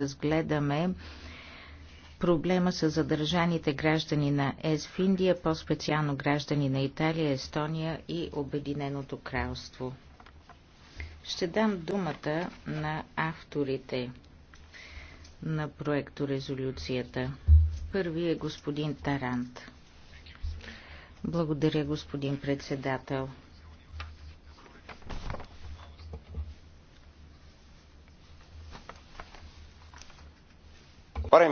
разгледаме проблема с задържаните граждани на ЕС в Индия, по-специално граждани на Италия, Естония и Обединеното кралство. Ще дам думата на авторите на проекторезолюцията. Първи е господин Тарант. Благодаря, господин председател.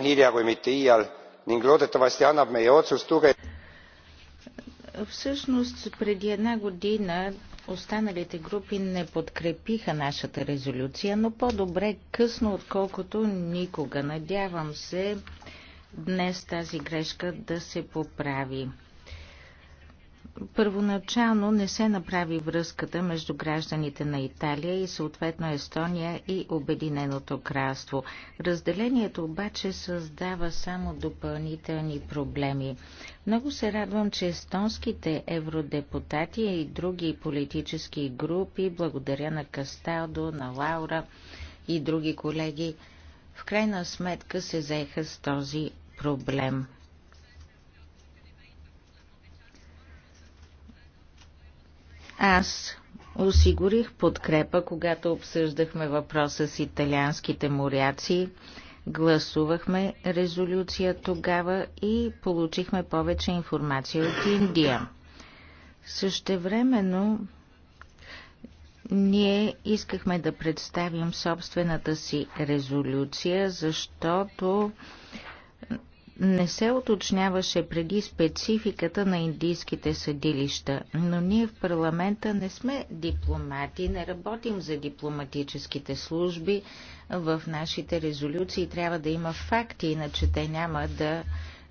hilja kui mitte iial ning loodetavasti annab meie otsus tuge. Всъщност, преди една година останалите групи не подкрепиха нашата резолюция, но по-добре късно, отколкото никога. Надявам се днес тази грешка да се поправи. Първоначално не се направи връзката между гражданите на Италия и съответно Естония и Обединеното кралство. Разделението обаче създава само допълнителни проблеми. Много се радвам, че естонските евродепутати и други политически групи, благодаря на Касталдо, на Лаура и други колеги, в крайна сметка се заеха с този проблем. Аз осигурих подкрепа, когато обсъждахме въпроса с италианските моряци. Гласувахме резолюция тогава и получихме повече информация от Индия. Същевременно ние искахме да представим собствената си резолюция, защото не се уточняваше преди спецификата на индийските съдилища, но ние в парламента не сме дипломати, не работим за дипломатическите служби. В нашите резолюции трябва да има факти, иначе те няма да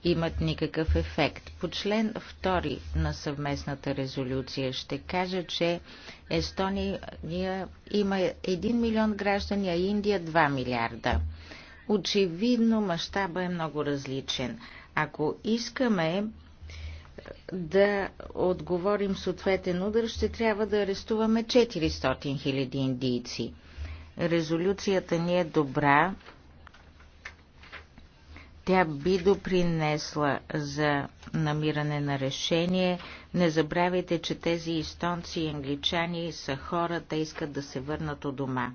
имат никакъв ефект. По член 2 на съвместната резолюция ще кажа, че Естония има 1 милион граждани, а Индия 2 милиарда очевидно мащаба е много различен. Ако искаме е, да отговорим с ответен удар, ще трябва да арестуваме 400 000 индийци. Резолюцията ни е добра. Тя би допринесла за намиране на решение. Не забравяйте, че тези естонци и англичани са хора, те искат да се върнат у дома.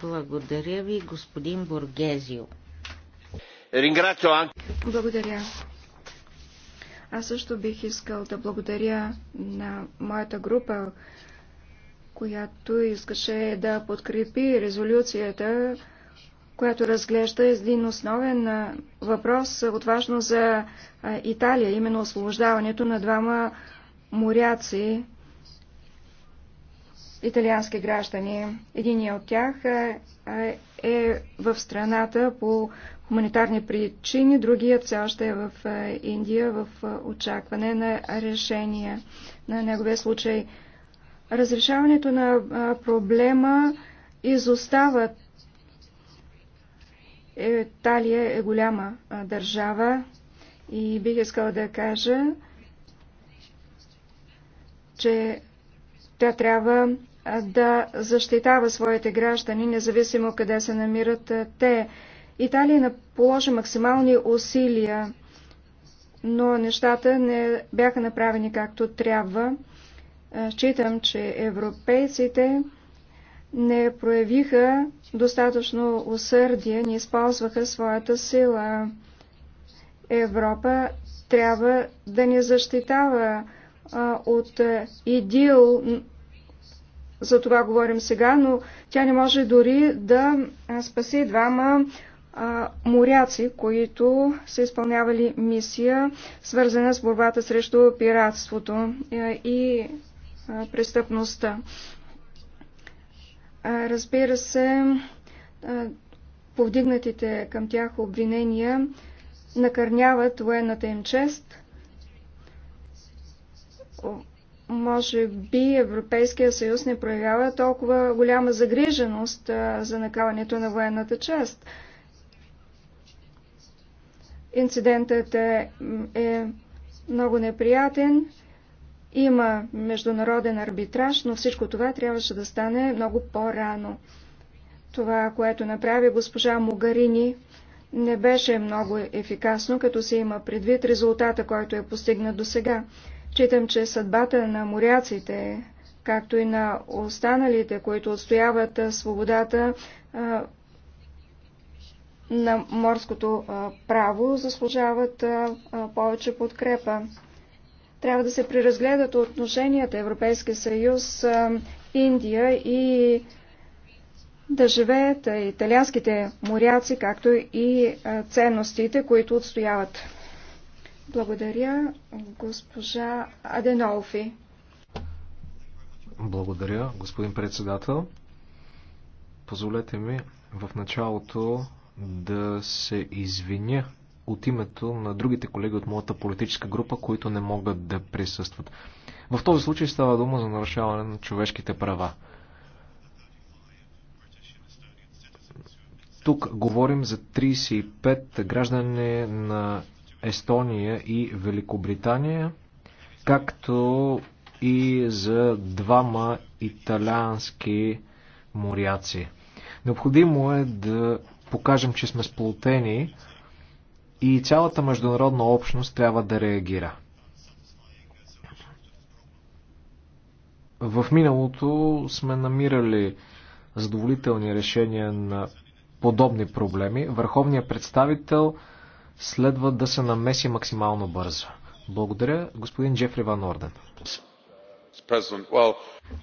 Благодаря ви, господин Боргезио. Благодаря. Аз също бих искал да благодаря на моята група, която искаше да подкрепи резолюцията, която разглежда един основен въпрос, отважно за Италия, именно освобождаването на двама моряци, италиански граждани. Единият от тях е, е в страната по хуманитарни причини, другият все още е в е, Индия в е, очакване на решение на неговия случай. Разрешаването на проблема изостава. Италия е голяма държава и бих искала да кажа, че тя трябва да защитава своите граждани, независимо къде се намират те. Италия е положи максимални усилия, но нещата не бяха направени както трябва. Считам, че европейците не проявиха достатъчно усърдие, не използваха своята сила. Европа трябва да ни защитава от идил за това говорим сега, но тя не може дори да спаси двама моряци, които са изпълнявали мисия, свързана с борбата срещу пиратството и престъпността. разбира се, повдигнатите към тях обвинения накърняват военната им чест, може би Европейския съюз не проявява толкова голяма загриженост за накаването на военната част. Инцидентът е, е много неприятен. Има международен арбитраж, но всичко това трябваше да стане много по-рано. Това, което направи госпожа Могарини, не беше много ефикасно, като се има предвид резултата, който е постигнат до сега. Читам, че съдбата на моряците, както и на останалите, които отстояват свободата на морското право, заслужават повече подкрепа. Трябва да се преразгледат отношенията Европейския съюз, Индия и да живеят италианските моряци, както и ценностите, които отстояват. Благодаря, госпожа Аденолфи. Благодаря, господин председател. Позволете ми в началото да се извиня от името на другите колеги от моята политическа група, които не могат да присъстват. В този случай става дума за нарушаване на човешките права. Тук говорим за 35 граждане на Естония и Великобритания, както и за двама италиански моряци. Необходимо е да покажем, че сме сплотени и цялата международна общност трябва да реагира. В миналото сме намирали задоволителни решения на подобни проблеми. Върховният представител следва да се намеси максимално бързо. Благодаря, господин Джефри Ван Орден.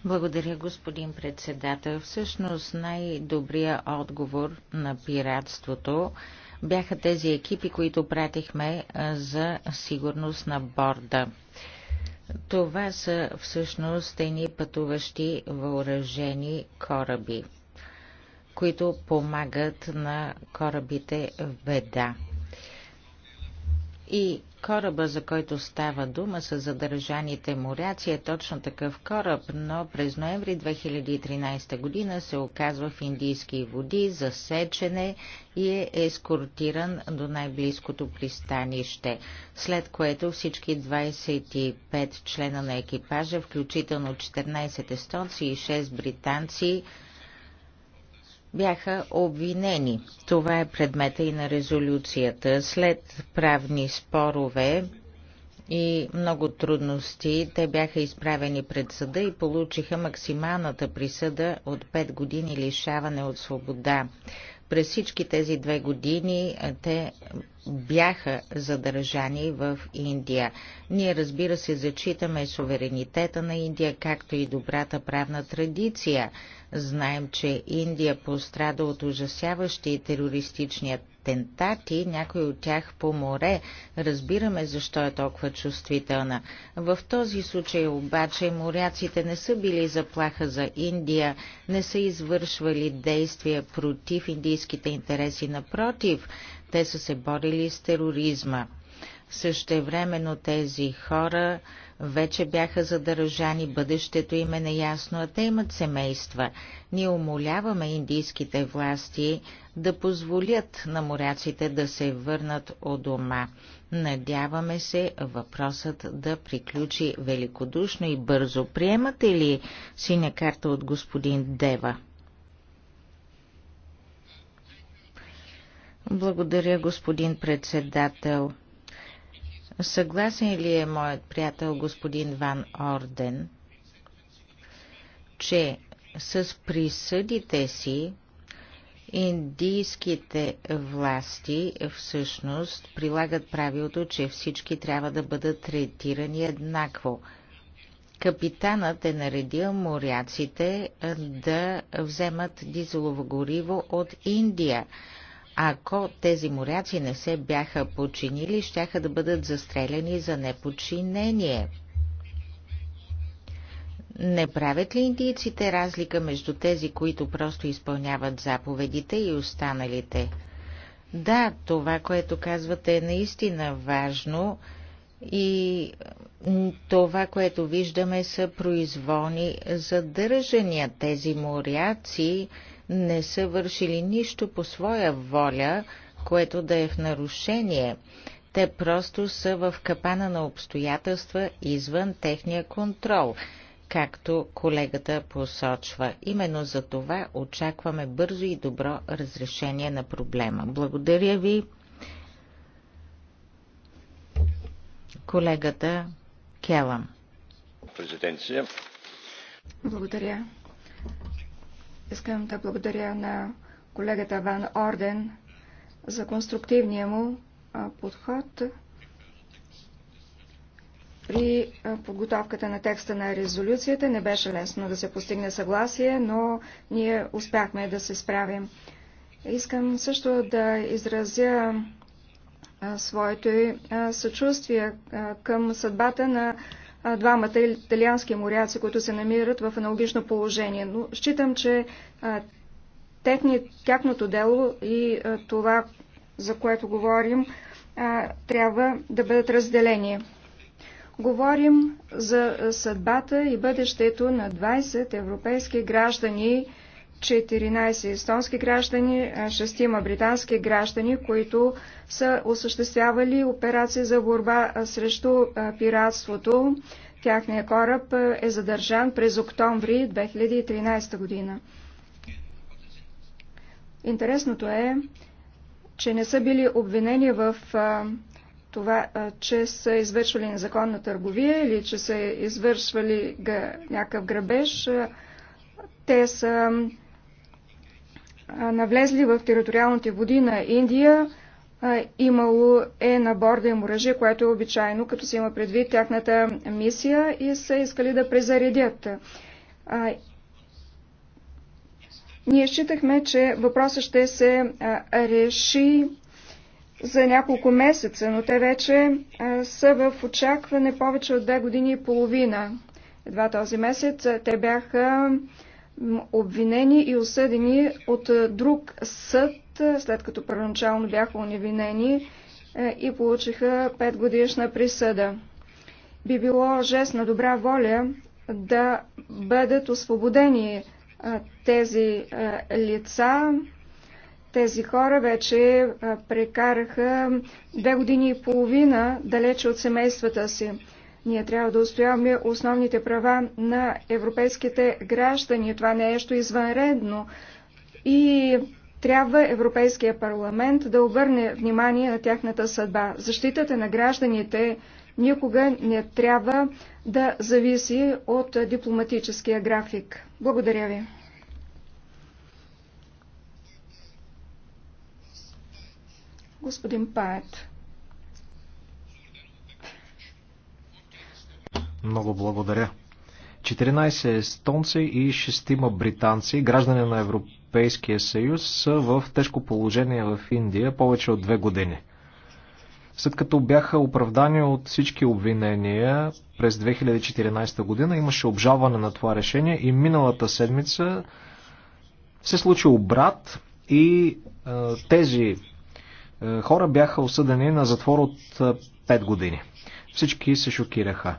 Благодаря, господин председател. Всъщност най-добрият отговор на пиратството бяха тези екипи, които пратихме за сигурност на борда. Това са всъщност тени пътуващи въоръжени кораби, които помагат на корабите в беда. И кораба, за който става дума с задържаните моряци, е точно такъв кораб, но през ноември 2013 година се оказва в индийски води, засечене и е ескортиран до най-близкото пристанище, след което всички 25 члена на екипажа, включително 14 естонци и 6 британци, бяха обвинени. Това е предмета и на резолюцията. След правни спорове и много трудности, те бяха изправени пред съда и получиха максималната присъда от 5 години лишаване от свобода. През всички тези две години те бяха задържани в Индия. Ние, разбира се, зачитаме суверенитета на Индия, както и добрата правна традиция. Знаем, че Индия пострада от ужасяващи терористични атентати, някои от тях по море. Разбираме защо е толкова чувствителна. В този случай обаче моряците не са били заплаха за Индия, не са извършвали действия против индийските интереси. Напротив, те са се борили с тероризма. Същевременно тези хора вече бяха задържани, бъдещето им е неясно, а те имат семейства. Ние умоляваме индийските власти да позволят на моряците да се върнат от дома. Надяваме се въпросът да приключи великодушно и бързо. Приемате ли синя карта от господин Дева? Благодаря, господин председател. Съгласен ли е моят приятел господин Ван Орден, че с присъдите си индийските власти всъщност прилагат правилото, че всички трябва да бъдат третирани еднакво. Капитанът е наредил моряците да вземат дизелово гориво от Индия, ако тези моряци не се бяха починили, щяха да бъдат застреляни за непочинение. Не правят ли индийците разлика между тези, които просто изпълняват заповедите и останалите? Да, това, което казвате е наистина важно и това, което виждаме са произволни задържания. Тези моряци не са вършили нищо по своя воля, което да е в нарушение. Те просто са в капана на обстоятелства извън техния контрол, както колегата посочва. Именно за това очакваме бързо и добро разрешение на проблема. Благодаря ви. Колегата Келам. Президенция. Благодаря, Искам да благодаря на колегата Ван Орден за конструктивния му подход при подготовката на текста на резолюцията. Не беше лесно да се постигне съгласие, но ние успяхме да се справим. Искам също да изразя своето съчувствие към съдбата на двамата италиански моряци, които се намират в аналогично положение. Но считам, че техни, тяхното дело и това, за което говорим, трябва да бъдат разделени. Говорим за съдбата и бъдещето на 20 европейски граждани, 14 естонски граждани, 6 британски граждани, които са осъществявали операции за борба срещу пиратството. Тяхният кораб е задържан през октомври 2013 година. Интересното е, че не са били обвинени в това, че са извършвали незаконна търговия или че са извършвали някакъв грабеж. Те са навлезли в териториалните води на Индия, имало е на борда им оръжие, което е обичайно, като се има предвид тяхната мисия и са искали да презаредят. Ние считахме, че въпросът ще се реши за няколко месеца, но те вече са в очакване повече от две години и половина. Едва този месец те бяха обвинени и осъдени от е, друг съд, е, след като първоначално бяха оневинени е, и получиха 5 годишна присъда. Би било жест на добра воля да бъдат освободени тези лица. Тези хора вече прекараха две години и половина далече от семействата си. Ние трябва да устояваме основните права на европейските граждани. Това не е нещо извънредно. И трябва Европейския парламент да обърне внимание на тяхната съдба. Защитата на гражданите никога не трябва да зависи от дипломатическия график. Благодаря ви. Господин Паят. Много благодаря. 14 естонци и 6 британци, граждани на Европейския съюз, са в тежко положение в Индия повече от две години. След като бяха оправдани от всички обвинения през 2014 година, имаше обжалване на това решение и миналата седмица се случи обрат и е, тези е, хора бяха осъдени на затвор от е, 5 години. Всички се шокираха.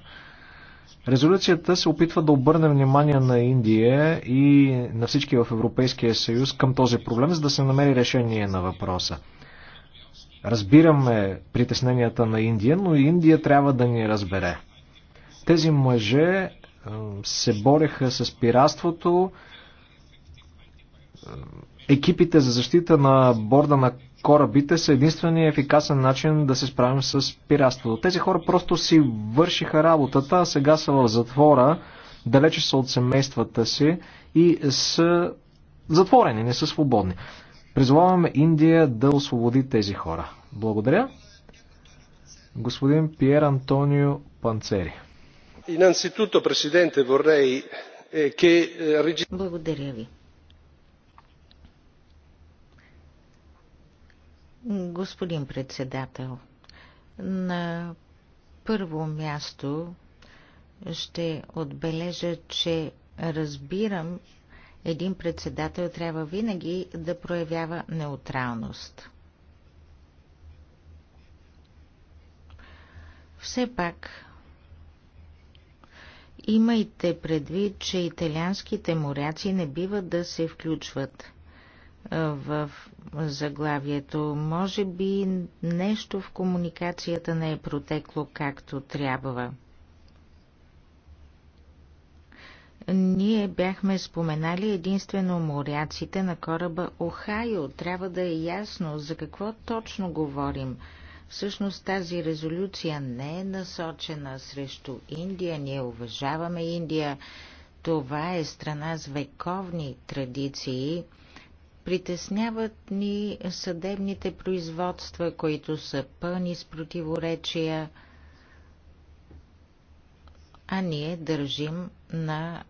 Резолюцията се опитва да обърне внимание на Индия и на всички в Европейския съюз към този проблем, за да се намери решение на въпроса. Разбираме притесненията на Индия, но и Индия трябва да ни разбере. Тези мъже се бореха с пиратството. Екипите за защита на борда на корабите са единствения ефикасен начин да се справим с пиратството. Тези хора просто си вършиха работата, а сега са в затвора, далече са от семействата си и са затворени, не са свободни. Призоваваме Индия да освободи тези хора. Благодаря. Господин Пьер Антонио Панцери. Eh, eh, Благодаря ви. Господин председател, на първо място ще отбележа, че разбирам, един председател трябва винаги да проявява неутралност. Все пак, имайте предвид, че италианските моряци не биват да се включват – в заглавието. Може би нещо в комуникацията не е протекло както трябва. Ние бяхме споменали единствено моряците на кораба Охайо. Трябва да е ясно за какво точно говорим. Всъщност тази резолюция не е насочена срещу Индия. Ние уважаваме Индия. Това е страна с вековни традиции Притесняват ни съдебните производства, които са пълни с противоречия, а ние държим на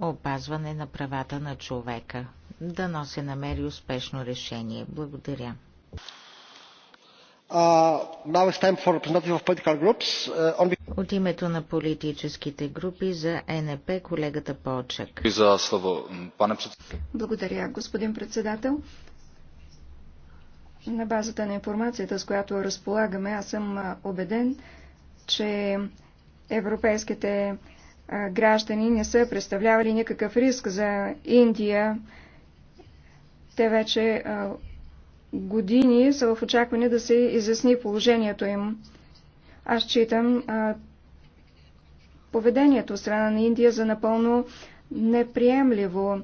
опазване на правата на човека. да но се намери успешно решение. Благодаря. Uh, now it's time for representative of political groups. Uh, on от името на политическите групи за НП колегата Полчак. Благодаря, господин председател. На базата на информацията, с която разполагаме, аз съм убеден, че европейските граждани не са представлявали никакъв риск за Индия. Те вече години са в очакване да се изясни положението им. Аз читам а, поведението страна на Индия за напълно неприемливо.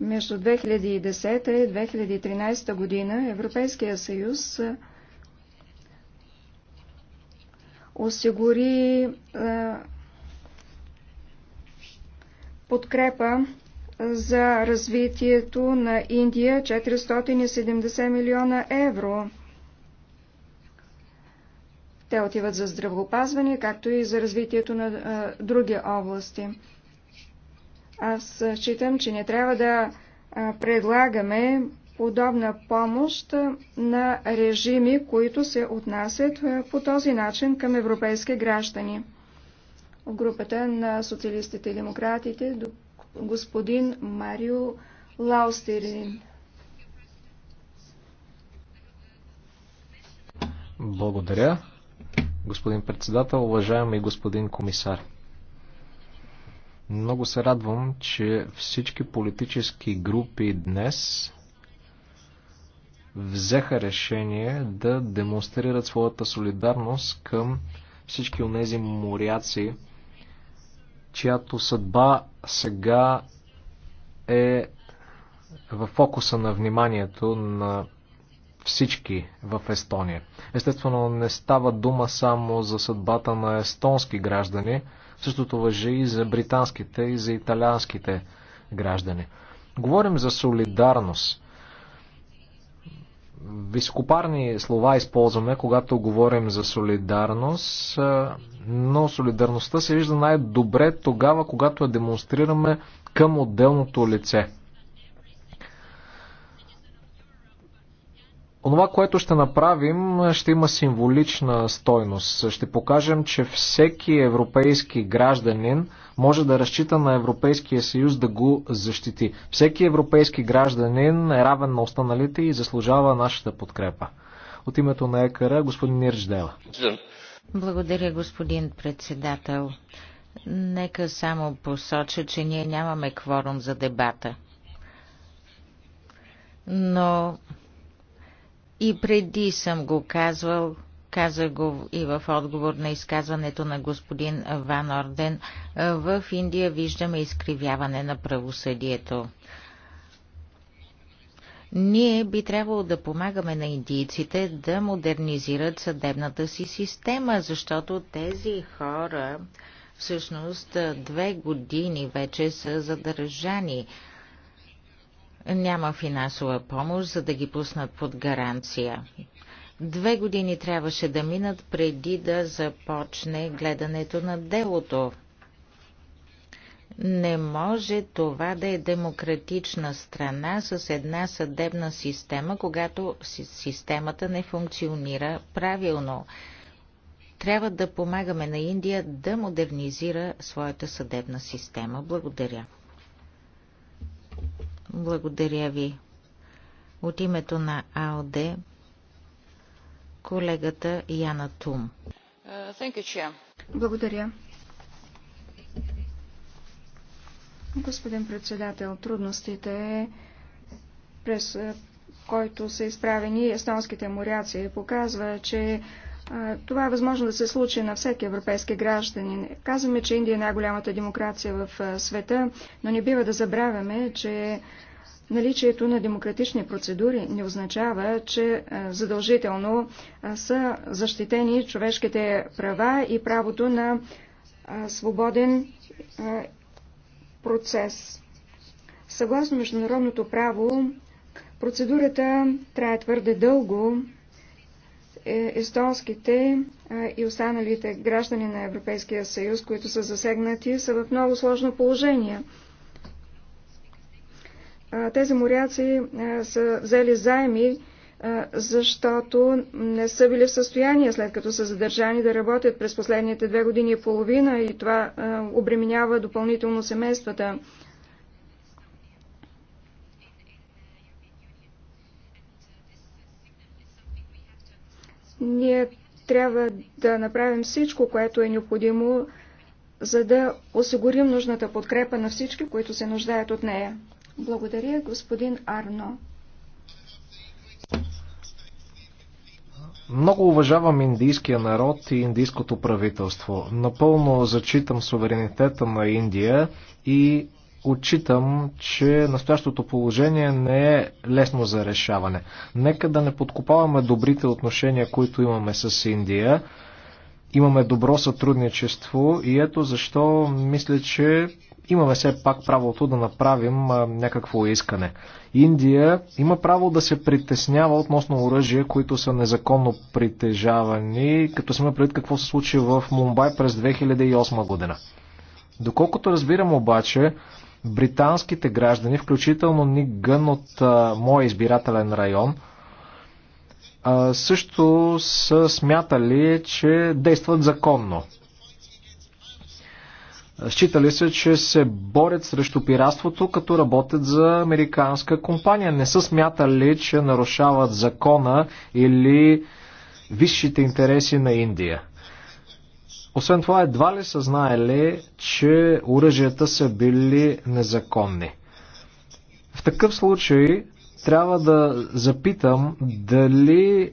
Между 2010 и 2013 година Европейския съюз осигури а, подкрепа за развитието на Индия 470 милиона евро. Те отиват за здравеопазване, както и за развитието на а, други области. Аз считам, че не трябва да а, предлагаме подобна помощ на режими, които се отнасят по този начин към европейски граждани. В групата на социалистите и демократите господин Марио Лаустерин. Благодаря господин председател, уважаеми господин комисар. Много се радвам, че всички политически групи днес взеха решение да демонстрират своята солидарност към всички онези моряци, чиято съдба сега е в фокуса на вниманието на всички в Естония. Естествено, не става дума само за съдбата на естонски граждани, същото въжи и за британските и за италианските граждани. Говорим за солидарност. Високопарни слова използваме, когато говорим за солидарност, но солидарността се вижда най-добре тогава, когато я демонстрираме към отделното лице – Онова, което ще направим, ще има символична стойност. Ще покажем, че всеки европейски гражданин може да разчита на Европейския съюз да го защити. Всеки европейски гражданин е равен на останалите и заслужава нашата подкрепа. От името на ЕКР, господин Нирждела. Благодаря, господин председател. Нека само посоча, че ние нямаме кворум за дебата. Но и преди съм го казвал, каза го и в отговор на изказването на господин Ван Орден, в Индия виждаме изкривяване на правосъдието. Ние би трябвало да помагаме на индийците да модернизират съдебната си система, защото тези хора всъщност две години вече са задържани няма финансова помощ, за да ги пуснат под гаранция. Две години трябваше да минат преди да започне гледането на делото. Не може това да е демократична страна с една съдебна система, когато системата не функционира правилно. Трябва да помагаме на Индия да модернизира своята съдебна система. Благодаря. Благодаря ви. От името на АОД колегата Яна Тум. Благодаря. Господин председател, трудностите, през който са изправени естонските моряци, показва, че това е възможно да се случи на всеки европейски гражданин. Казваме, че Индия е най-голямата демокрация в света, но не бива да забравяме, че наличието на демократични процедури не означава, че задължително са защитени човешките права и правото на свободен процес. Съгласно международното право, процедурата трябва твърде дълго, е, естонските и останалите граждани на Европейския съюз, които са засегнати, са в много сложно положение. Тези моряци са взели заеми, защото не са били в състояние, след като са задържани да работят през последните две години и половина и това обременява допълнително семействата. Ние трябва да направим всичко, което е необходимо, за да осигурим нужната подкрепа на всички, които се нуждаят от нея. Благодаря, господин Арно. Много уважавам индийския народ и индийското правителство. Напълно зачитам суверенитета на Индия и отчитам, че настоящото положение не е лесно за решаване. Нека да не подкопаваме добрите отношения, които имаме с Индия. Имаме добро сътрудничество и ето защо мисля, че имаме все пак правото да направим някакво искане. Индия има право да се притеснява относно оръжия, които са незаконно притежавани, като сме предвид какво се случи в Мумбай през 2008 година. Доколкото разбирам обаче, британските граждани, включително Ник Гън от а, моя избирателен район, а, също са смятали, че действат законно. Считали се, че се борят срещу пиратството, като работят за американска компания. Не са смятали, че нарушават закона или висшите интереси на Индия. Освен това, едва ли са знаели, че оръжията са били незаконни. В такъв случай трябва да запитам дали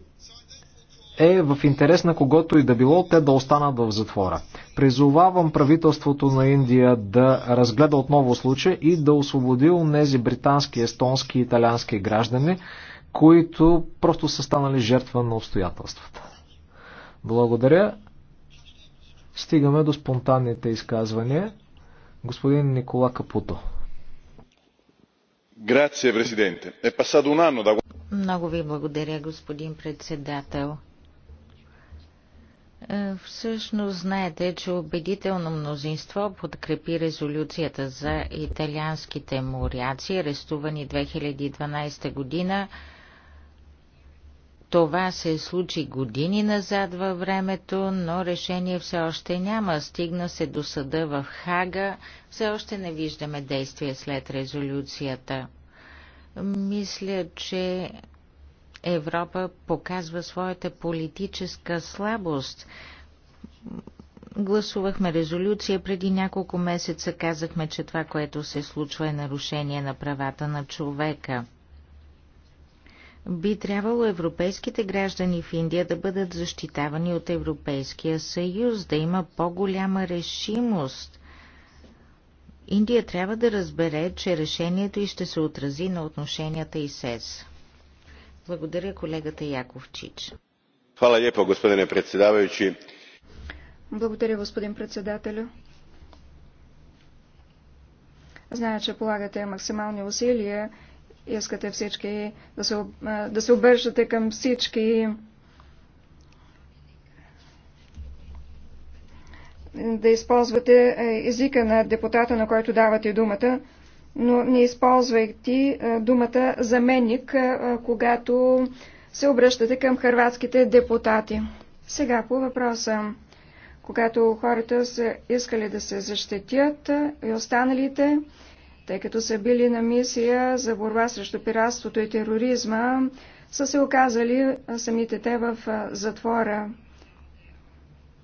е в интерес на когото и да било те да останат в затвора. Призовавам правителството на Индия да разгледа отново случая и да освободи онези британски, естонски и италиански граждани, които просто са станали жертва на обстоятелствата. Благодаря стигаме до спонтанните изказвания. Господин Никола Капуто. Грация, президенте. Е пасадо un да Много ви благодаря, господин председател. Е, всъщност знаете, че убедително мнозинство подкрепи резолюцията за италианските моряци, арестувани 2012 година това се случи години назад във времето, но решение все още няма. Стигна се до съда в Хага. Все още не виждаме действия след резолюцията. Мисля, че Европа показва своята политическа слабост. Гласувахме резолюция преди няколко месеца, казахме, че това, което се случва е нарушение на правата на човека. Би трябвало европейските граждани в Индия да бъдат защитавани от Европейския съюз, да има по-голяма решимост. Индия трябва да разбере, че решението и ще се отрази на отношенията и СЕС. Благодаря колегата Яковчич. Хвала лепо, gospodine председавайчи. Благодаря, господин председателю. Зная, че полагате максимални усилия искате всички да се, да се обеждате към всички, да използвате езика на депутата, на който давате думата, но не използвайте думата заменник, когато се обръщате към хърватските депутати. Сега по въпроса. Когато хората са искали да се защитят и останалите, тъй като са били на мисия за борба срещу пиратството и тероризма, са се оказали самите те в затвора.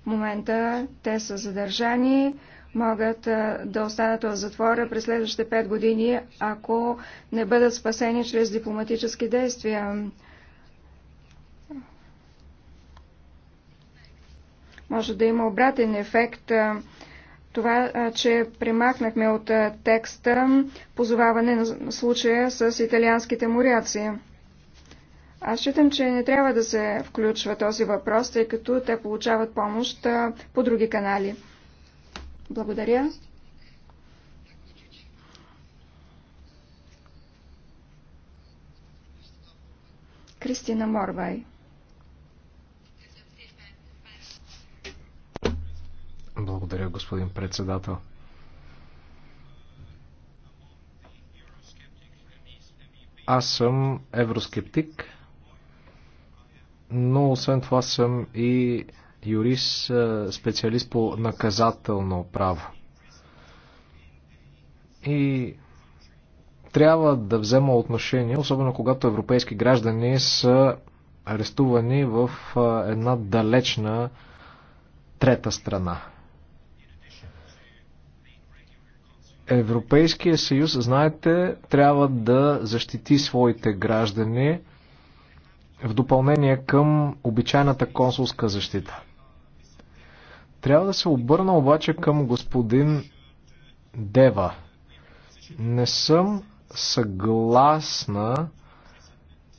В момента те са задържани, могат да останат в затвора през следващите пет години, ако не бъдат спасени чрез дипломатически действия. Може да има обратен ефект това, че премахнахме от текста позоваване на случая с италианските моряци. Аз считам, че не трябва да се включва този въпрос, тъй като те получават помощ по други канали. Благодаря. Кристина Морвай. Благодаря, господин председател. Аз съм евроскептик, но освен това съм и юрист, е, специалист по наказателно право. И трябва да взема отношение, особено когато европейски граждани са арестувани в е, една далечна трета страна. Европейския съюз, знаете, трябва да защити своите граждани в допълнение към обичайната консулска защита. Трябва да се обърна обаче към господин Дева. Не съм съгласна,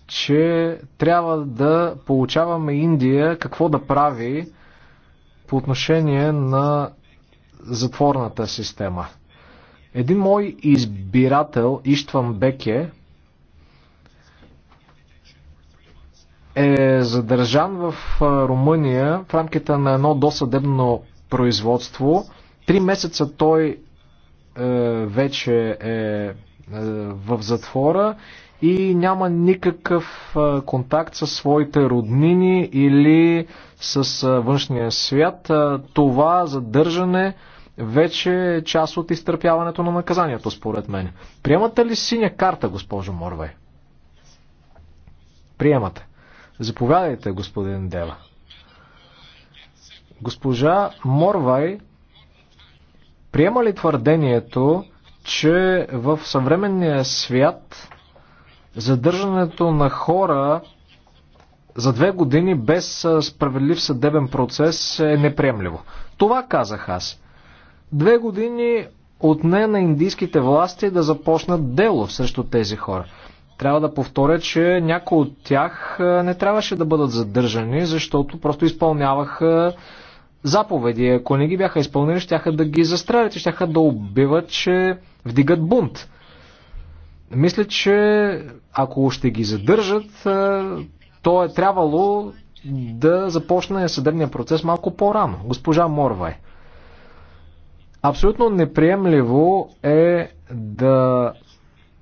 че трябва да получаваме Индия какво да прави по отношение на затворната система – един мой избирател, Иштван Беке, е задържан в Румъния в рамките на едно досъдебно производство. Три месеца той е, вече е, е в затвора и няма никакъв е, контакт с своите роднини или с е, външния свят. Това задържане е, вече е част от изтърпяването на наказанието, според мен. Приемате ли синя карта, госпожо Морвай? Приемате. Заповядайте, господин Дева. Госпожа Морвай приема ли твърдението, че в съвременния свят задържането на хора за две години без справедлив съдебен процес е неприемливо. Това казах аз. Две години отне на индийските власти да започнат дело срещу тези хора. Трябва да повторя, че някои от тях е, не трябваше да бъдат задържани, защото просто изпълняваха заповеди. Ако не ги бяха изпълнили, щяха да ги застрелят и щяха да убиват, че вдигат бунт. Мисля, че ако ще ги задържат, е, то е трябвало да започне съдебния процес малко по-рано. Госпожа Морвай. Е. Абсолютно неприемливо е да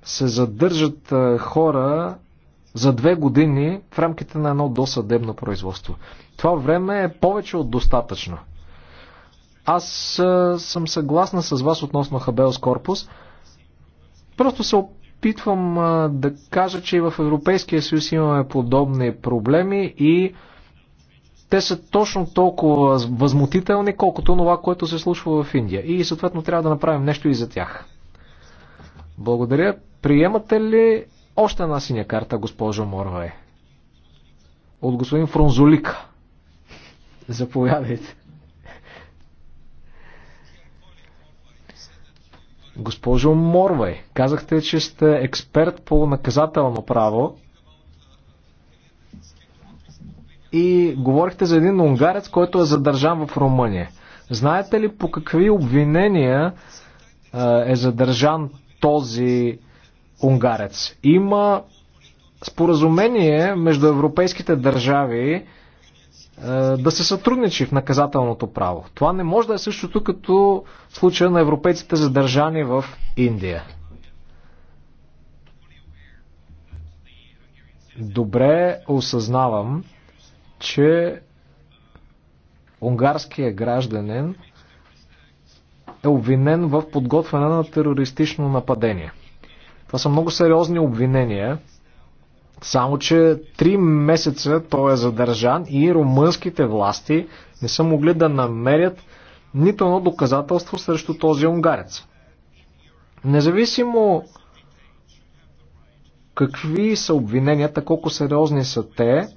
се задържат хора за две години в рамките на едно досъдебно производство. Това време е повече от достатъчно. Аз съм съгласна с вас относно Хабелс Корпус. Просто се опитвам да кажа, че и в Европейския съюз имаме подобни проблеми и те са точно толкова възмутителни, колкото това, което се случва в Индия. И съответно трябва да направим нещо и за тях. Благодаря. Приемате ли още една синя карта, госпожо Морвай? От господин Фронзолик. Заповядайте. Госпожо Морвай, казахте, че сте експерт по наказателно право и говорихте за един унгарец, който е задържан в Румъния. Знаете ли по какви обвинения е, е задържан този унгарец? Има споразумение между европейските държави е, да се сътрудничи в наказателното право. Това не може да е същото като случая на европейците задържани в Индия. Добре осъзнавам, че унгарския гражданин е обвинен в подготвяне на терористично нападение. Това са много сериозни обвинения, само че три месеца той е задържан и румънските власти не са могли да намерят нито едно доказателство срещу този унгарец. Независимо какви са обвиненията, колко сериозни са те,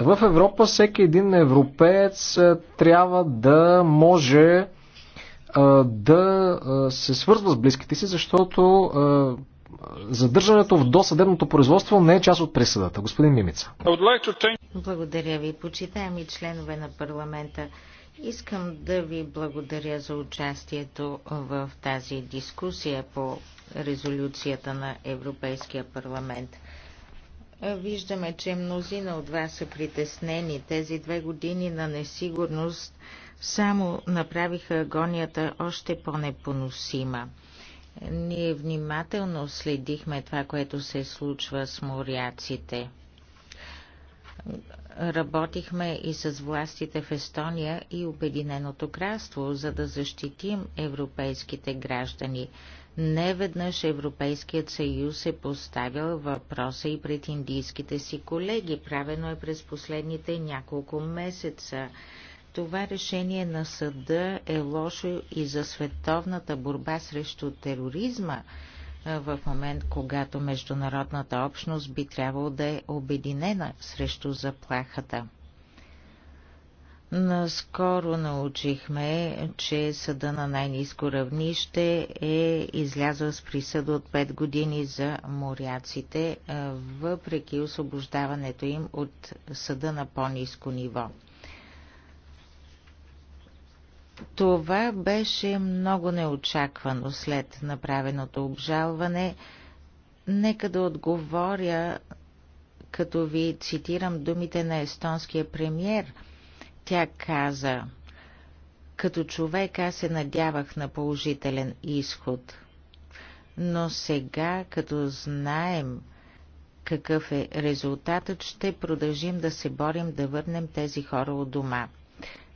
в Европа всеки един европеец е, трябва да може е, да е, се свързва с близките си, защото задържането в досъдебното производство не е част от присъдата. Господин Мимица. Благодаря ви, почитаеми членове на парламента. Искам да ви благодаря за участието в тази дискусия по резолюцията на Европейския парламент. Виждаме, че мнозина от вас са притеснени. Тези две години на несигурност само направиха агонията още по-непоносима. Ние внимателно следихме това, което се случва с моряците. Работихме и с властите в Естония и Обединеното кралство, за да защитим европейските граждани. Неведнъж Европейският съюз е поставял въпроса и пред индийските си колеги. Правено е през последните няколко месеца. Това решение на съда е лошо и за световната борба срещу тероризма в момент, когато международната общност би трябвало да е обединена срещу заплахата. Наскоро научихме, че съда на най-низко равнище е излязъл с присъда от 5 години за моряците, е, въпреки освобождаването им от съда на по-низко ниво. Това беше много неочаквано след направеното обжалване. Нека да отговоря, като ви цитирам думите на естонския премьер – тя каза, като човек аз се надявах на положителен изход, но сега, като знаем какъв е резултатът, ще продължим да се борим да върнем тези хора от дома.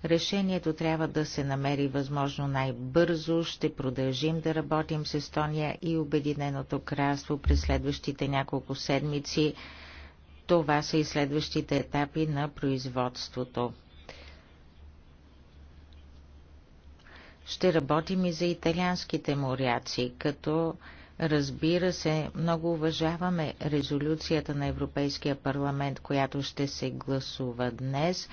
Решението трябва да се намери възможно най-бързо. Ще продължим да работим с Естония и Обединеното кралство през следващите няколко седмици. Това са и следващите етапи на производството. Ще работим и за италианските моряци, като разбира се, много уважаваме резолюцията на Европейския парламент, която ще се гласува днес,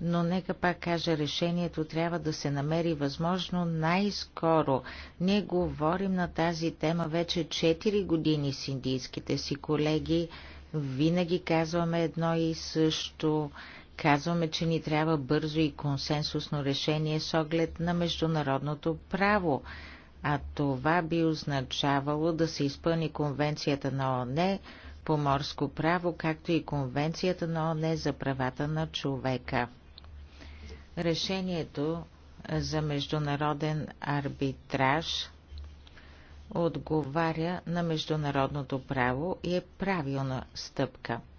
но нека пак кажа, решението трябва да се намери възможно най-скоро. Ние говорим на тази тема вече 4 години с индийските си колеги, винаги казваме едно и също Казваме, че ни трябва бързо и консенсусно решение с оглед на международното право, а това би означавало да се изпълни конвенцията на ОНЕ по морско право, както и конвенцията на ОНЕ за правата на човека. Решението за международен арбитраж отговаря на международното право и е правилна стъпка –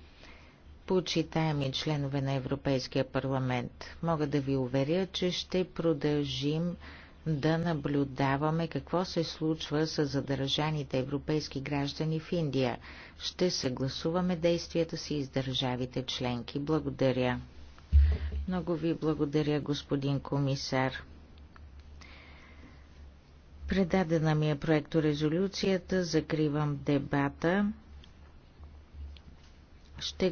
почитаеми членове на Европейския парламент. Мога да ви уверя, че ще продължим да наблюдаваме какво се случва с задържаните европейски граждани в Индия. Ще съгласуваме действията си с държавите членки. Благодаря. Много ви благодаря, господин комисар. Предадена ми е проекторезолюцията. Закривам дебата. Ще